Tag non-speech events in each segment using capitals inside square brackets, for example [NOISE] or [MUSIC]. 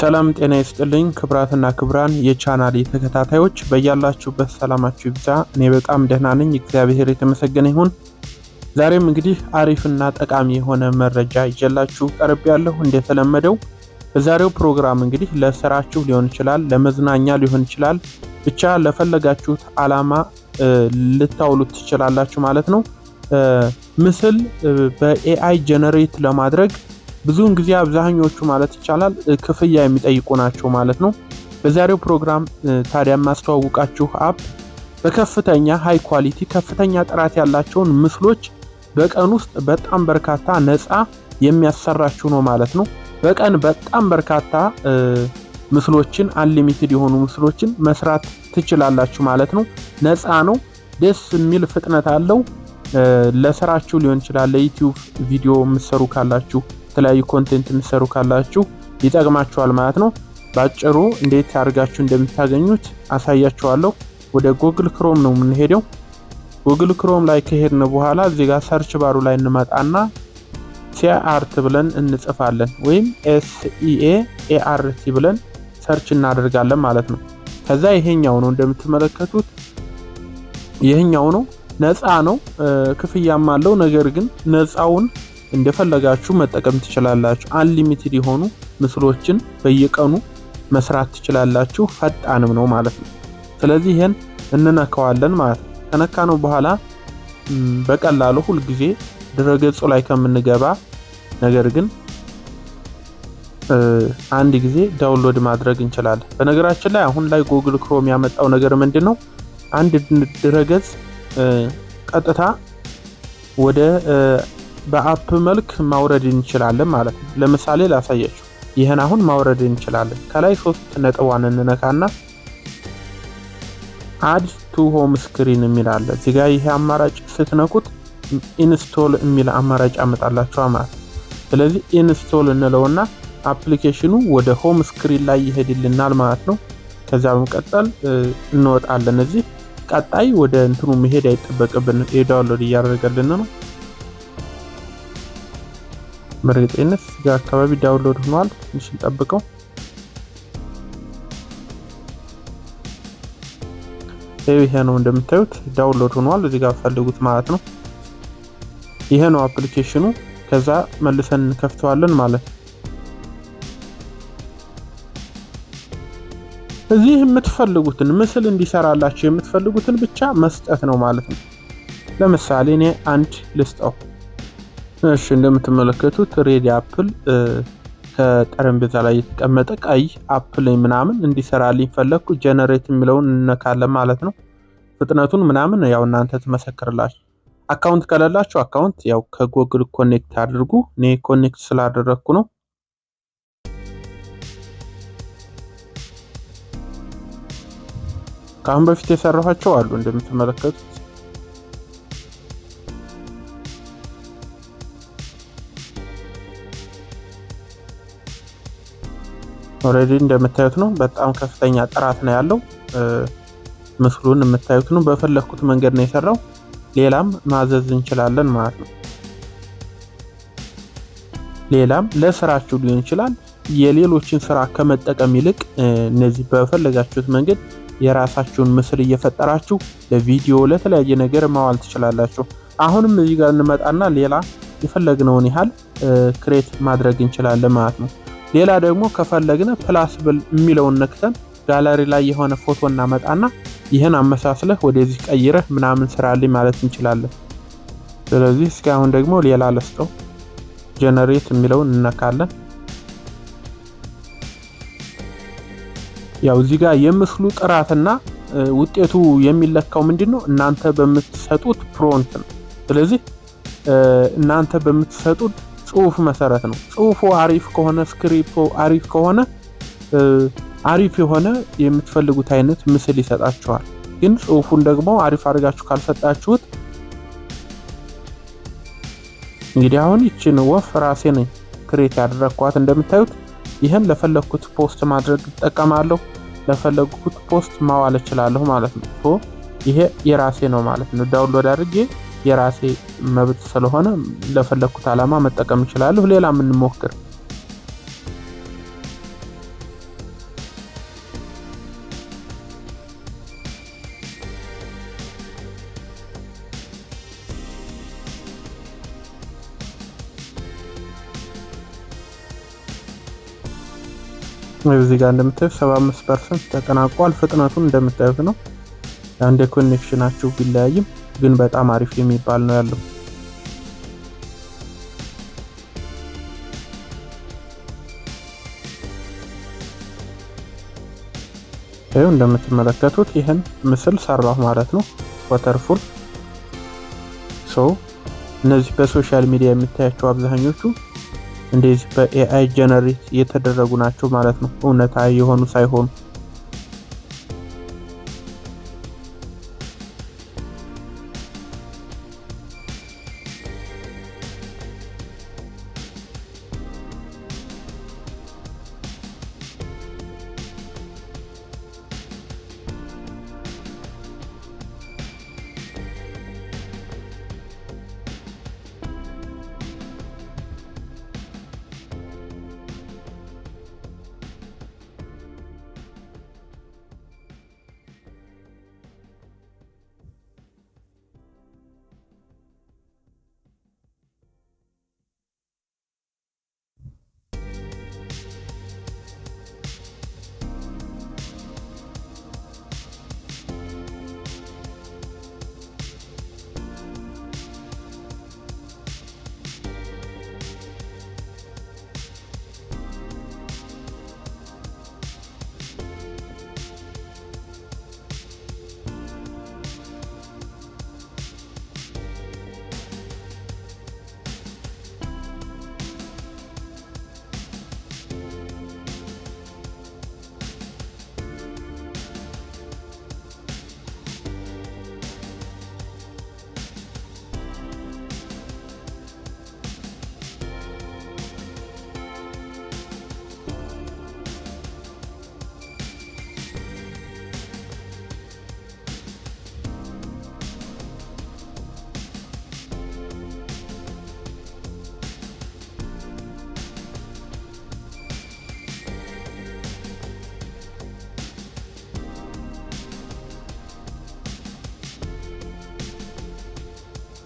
ሰላም ጤና ይስጥልኝ ክብራትና ክብራን የቻናል ተከታታዮች በያላችሁበት ሰላማችሁ ይብዛ። እኔ በጣም ደህና ነኝ፣ እግዚአብሔር የተመሰገነ ይሁን። ዛሬም እንግዲህ አሪፍና ጠቃሚ የሆነ መረጃ ይዤላችሁ ቀርብ ያለሁ። እንደተለመደው በዛሬው ፕሮግራም እንግዲህ ለስራችሁ ሊሆን ይችላል፣ ለመዝናኛ ሊሆን ይችላል፣ ብቻ ለፈለጋችሁት አላማ ልታውሉት ትችላላችሁ ማለት ነው። ምስል በኤአይ ጀነሬት ለማድረግ ብዙውን ጊዜ አብዛኞቹ ማለት ይቻላል ክፍያ የሚጠይቁ ናቸው ማለት ነው። በዛሬው ፕሮግራም ታዲያ የማስተዋውቃችሁ አፕ በከፍተኛ ሃይ ኳሊቲ ከፍተኛ ጥራት ያላቸውን ምስሎች በቀን ውስጥ በጣም በርካታ ነፃ የሚያሰራችሁ ነው ማለት ነው። በቀን በጣም በርካታ ምስሎችን አንሊሚትድ የሆኑ ምስሎችን መስራት ትችላላችሁ ማለት ነው። ነፃ ነው። ደስ የሚል ፍጥነት አለው። ለስራችሁ ሊሆን ይችላል ለዩቲዩብ ቪዲዮ የምትሰሩ ካላችሁ የተለያዩ ኮንቴንት የምትሰሩ ካላችሁ ይጠቅማችኋል ማለት ነው። በአጭሩ እንዴት አድርጋችሁ እንደምታገኙት አሳያችኋለሁ። ወደ ጉግል ክሮም ነው የምንሄደው። ጉግል ክሮም ላይ ከሄድን በኋላ እዚህ ጋር ሰርች ባሩ ላይ እንመጣና ሲአርት ብለን እንጽፋለን ወይም ኤስኢኤ ኤአርቲ e ብለን ሰርች እናደርጋለን ማለት ነው። ከዛ ይሄኛው ነው እንደምትመለከቱት፣ ይሄኛው ነው ነፃ ነው፣ ክፍያም አለው። ነገር ግን ነፃውን እንደፈለጋችሁ መጠቀም ትችላላችሁ። አንሊሚትድ የሆኑ ምስሎችን በየቀኑ መስራት ትችላላችሁ። ፈጣንም ነው ማለት ነው። ስለዚህ ይሄን እንነካዋለን ማለት ነው። ከነካነው በኋላ በቀላሉ ሁልጊዜ ድረገጹ ላይ ከምንገባ ነገር ግን አንድ ጊዜ ዳውንሎድ ማድረግ እንችላለን። በነገራችን ላይ አሁን ላይ ጉግል ክሮም ያመጣው ነገር ምንድን ነው? አንድ ድረገጽ ቀጥታ ወደ በአፕ መልክ ማውረድ እንችላለን ማለት ነው። ለምሳሌ ላሳያችሁ። ይህን አሁን ማውረድ እንችላለን። ከላይ ሶስት ነጥቧን እንነካና አድ ቱ ሆም ስክሪን የሚል አለ። እዚህ ጋር ይሄ አማራጭ ስትነኩት ኢንስቶል የሚል አማራጭ አመጣላችሁ ማለት ነው። ስለዚህ ኢንስቶል እንለውና አፕሊኬሽኑ ወደ ሆም ስክሪን ላይ ይሄድልናል ማለት ነው። ከዛ በመቀጠል እንወጣለን። እዚህ ቀጣይ ወደ እንትኑ መሄድ አይጠበቅብን። ዳውንሎድ እያደረገልን ነው። በእርግጠኝነት እዚጋ አካባቢ ዳውንሎድ ሆኗል። ትንሽ እንጠብቀው። ይሄ ነው እንደምታዩት ዳውንሎድ ሆኗል። እዚጋ ፈልጉት ማለት ነው። ይሄ ነው አፕሊኬሽኑ። ከዛ መልሰን እንከፍተዋለን ማለት ነው። እዚህ የምትፈልጉትን ምስል እንዲሰራላችሁ የምትፈልጉትን ብቻ መስጠት ነው ማለት ነው። ለምሳሌ እኔ አንድ ልስጠው። እሺ እንደምትመለከቱት ሬድ አፕል ከጠረጴዛ ላይ የተቀመጠ ቀይ አፕል ምናምን እንዲሰራልኝ ፈለግኩ። ጀነሬት የሚለውን እነካለን ማለት ነው። ፍጥነቱን ምናምን ያው እናንተ ትመሰክርላችሁ። አካውንት ከሌላችሁ አካውንት ያው ከጎግል ኮኔክት አድርጉ። እኔ ኮኔክት ስላደረግኩ ነው። ከአሁን በፊት የሰራኋቸው አሉ እንደምትመለከቱት ኦልሬዲ እንደምታዩት ነው። በጣም ከፍተኛ ጥራት ነው ያለው። ምስሉን የምታዩት ነው። በፈለግኩት መንገድ ነው የሰራው። ሌላም ማዘዝ እንችላለን ማለት ነው። ሌላም ለስራችሁ ሊሆን ይችላል። የሌሎችን ስራ ከመጠቀም ይልቅ እነዚህ በፈለጋችሁት መንገድ የራሳችሁን ምስል እየፈጠራችሁ ለቪዲዮ፣ ለተለያየ ነገር ማዋል ትችላላችሁ። አሁንም እዚህ ጋር እንመጣና ሌላ የፈለግነውን ያህል ክሬት ማድረግ እንችላለን ማለት ነው። ሌላ ደግሞ ከፈለግነ ፕላስ ብል የሚለውን ነክተን ጋለሪ ላይ የሆነ ፎቶ እናመጣና ይህን አመሳስለህ ወደዚህ ቀይረህ ምናምን ስራልኝ ማለት እንችላለን። ስለዚህ እስካሁን ደግሞ ሌላ ለስጠው ጀነሬት የሚለውን እነካለን። ያው እዚህ ጋር የምስሉ ጥራትና ውጤቱ የሚለካው ምንድነው እናንተ በምትሰጡት ፕሮምፕት ነው። ስለዚህ እናንተ በምትሰጡት ጽሁፍ መሰረት ነው። ጽሁፉ አሪፍ ከሆነ ስክሪፕቱ አሪፍ ከሆነ አሪፍ የሆነ የምትፈልጉት አይነት ምስል ይሰጣችኋል። ግን ጽሁፉን ደግሞ አሪፍ አድርጋችሁ ካልሰጣችሁት እንግዲህ አሁን ይችን ወፍ ራሴ ነኝ ክሬት ያደረግኳት። እንደምታዩት ይህን ለፈለግኩት ፖስት ማድረግ እጠቀማለሁ፣ ለፈለግኩት ፖስት ማዋል እችላለሁ ማለት ነው። ይሄ የራሴ ነው ማለት ነው። ዳውንሎድ አድርጌ የራሴ መብት ስለሆነ ለፈለግኩት ዓላማ መጠቀም እችላለሁ። ሌላ ምን ሞክር? እዚህ ጋር እንደምታዩ 75% ተጠናቋል። ፍጥነቱን እንደምታዩት ነው። የአንድ ኮኔክሽናችሁ ቢለያይም ግን በጣም አሪፍ የሚባል ነው ያለው። ይኸው እንደምትመለከቱት ይህን ምስል ሰራሁ ማለት ነው። ወተርፉል ሰው እነዚህ በሶሻል ሚዲያ የምታያቸው አብዛኞቹ እንደዚህ በኤአይ ጀነሬት የተደረጉ ናቸው ማለት ነው፣ እውነታ የሆኑ ሳይሆኑ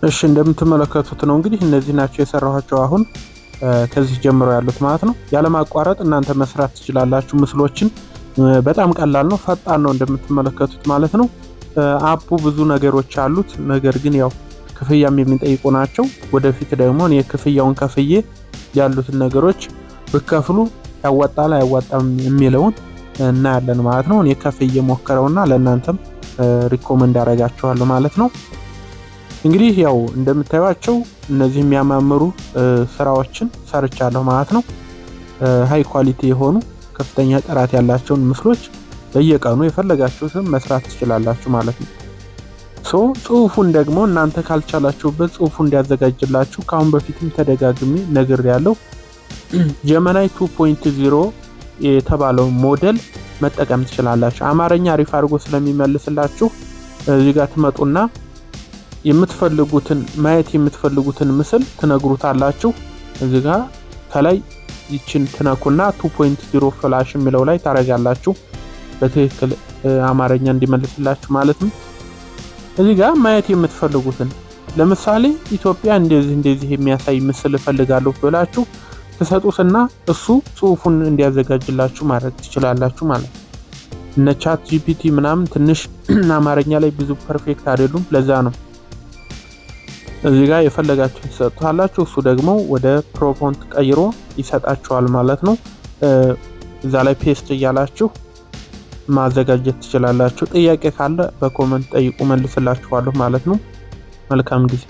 እሺ እንደምትመለከቱት ነው እንግዲህ እነዚህ ናቸው የሰራኋቸው አሁን ከዚህ ጀምሮ ያሉት ማለት ነው። ያለማቋረጥ እናንተ መስራት ትችላላችሁ። ምስሎችን በጣም ቀላል ነው፣ ፈጣን ነው እንደምትመለከቱት ማለት ነው። አፑ ብዙ ነገሮች አሉት፣ ነገር ግን ያው ክፍያም የሚጠይቁ ናቸው። ወደፊት ደግሞ እኔ ክፍያውን ከፍዬ ያሉትን ነገሮች ብከፍሉ ያዋጣል አያዋጣም የሚለውን እናያለን ማለት ነው። እኔ ከፍዬ ሞክረውና ለእናንተም ሪኮመንድ አደርጋችኋለሁ ማለት ነው። እንግዲህ ያው እንደምታዩቸው እነዚህ የሚያማምሩ ስራዎችን ሰርቻለሁ ማለት ነው። ሃይ ኳሊቲ የሆኑ ከፍተኛ ጥራት ያላቸውን ምስሎች በየቀኑ የፈለጋችሁትን መስራት ትችላላችሁ ማለት ነው። ሶ ጽሁፉን ደግሞ እናንተ ካልቻላችሁበት ጽሁፉ እንዲያዘጋጅላችሁ ከአሁን በፊትም ተደጋግሜ ያለው ጀመናይ 2.0 የተባለው ሞዴል መጠቀም ትችላላችሁ። አማርኛ አሪፍ አድርጎ ስለሚመልስላችሁ እዚህ ጋር ትመጡና የምትፈልጉትን ማየት የምትፈልጉትን ምስል ትነግሩታላችሁ። እዚህ ጋር ከላይ ይችን ትነኩና 2.0 ፍላሽ የሚለው ላይ ታረጋላችሁ። በትክክል አማርኛ እንዲመልስላችሁ ማለት ነው። እዚህ ጋር ማየት የምትፈልጉትን ለምሳሌ ኢትዮጵያ እንደዚህ እንደዚህ የሚያሳይ ምስል እፈልጋለሁ ብላችሁ ትሰጡትና እሱ ጽሁፉን እንዲያዘጋጅላችሁ ማድረግ ትችላላችሁ ማለት ነው። እነ ቻት ጂፒቲ ምናምን ትንሽ [CLEARS THROAT] አማርኛ ላይ ብዙ ፐርፌክት አይደሉም። ለዛ ነው እዚህ ጋር የፈለጋችሁ ትሰጡታላችሁ። እሱ ደግሞ ወደ ፕሮፖንት ቀይሮ ይሰጣችኋል ማለት ነው። እዛ ላይ ፔስት እያላችሁ ማዘጋጀት ትችላላችሁ። ጥያቄ ካለ በኮመንት ጠይቁ፣ መልስላችኋለሁ ማለት ነው። መልካም ጊዜ